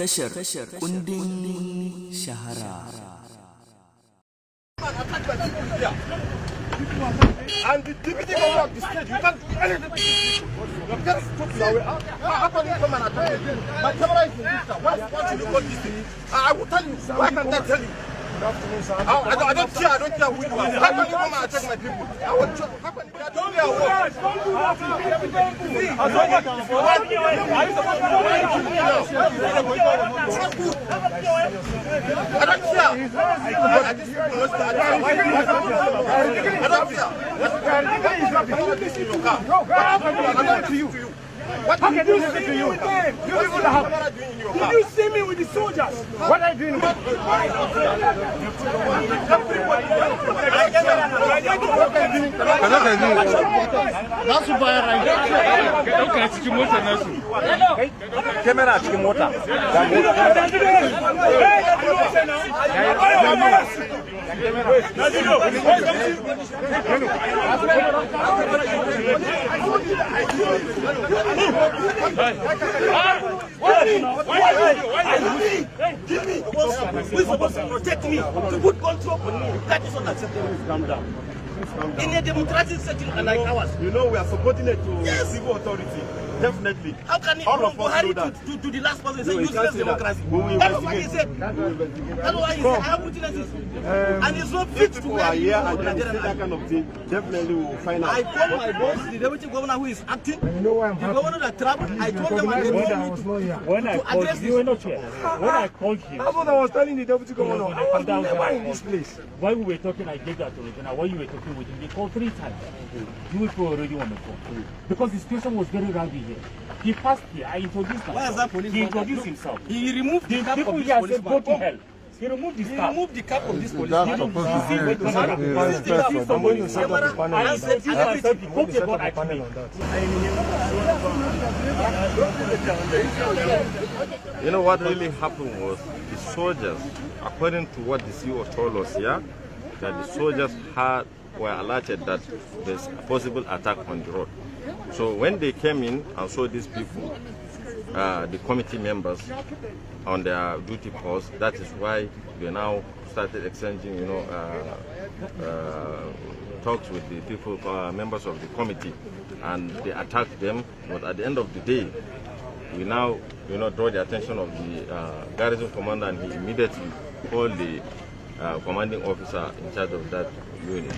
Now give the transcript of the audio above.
tashar kundin shahara And the deputy governor of the state, you can't do anything. You can't stop your way How can you come and attack again. My camera is in this town. Why, should you call this thing? I, will tell you. Why can't I tell you? I, I, don't, I don't care. I don't care who you are. How can you come and attack my people? I will just, how can you don't care what? Don't do that. Don't do that. Are you supposed to I do to you. What How can you listen to you? You people have. Did you see me with the soldiers? What are you doing? kaza kaji za su bayar rai ka dauka cikin mota nasu kamera cikin mota Give me, we're supposed to protect me, to put control on me. That is unacceptable. Calm down. in a democratic setting you know, like ours. You know, we are supporting it to yes. civil authority. Definitely. How can All of us Buhari to, to, to the last person say no, useless democracy? That. We That's what he said. That's what he said. I have witnesses. Um, and it's not fit to people are here and then that kind of thing, definitely we will find out. I called my boss, the deputy governor who is acting, you know the governor that traveled, I told them I didn't want me to, when I address you, you were not here. When I called you. That's what I was telling the deputy governor. I was never in this place. While we were talking, I gave that to Regina. While you were talking with him, they called three times. You people were already on the phone. Because the situation was very rowdy here. here. He passed here. I introduced him. Where's that police? He introduced himself. He removed the, the people here said, go to hell. He removed the cap. He removed the cap of this police. That's supposed to be a response for the camera. I said, I myself, the coach is what I panel on that. You know what really happened was the soldiers, according to what the CEO told us, here, that the soldiers had were alerted that there's a possible attack on the road. So when they came in and saw these people, uh, the committee members on their duty post, that is why we now started exchanging, you know, uh, uh, talks with the people, uh, members of the committee, and they attacked them. But at the end of the day, we now, you know, draw the attention of the uh, garrison commander, and he immediately called the uh, commanding officer in charge of that unit.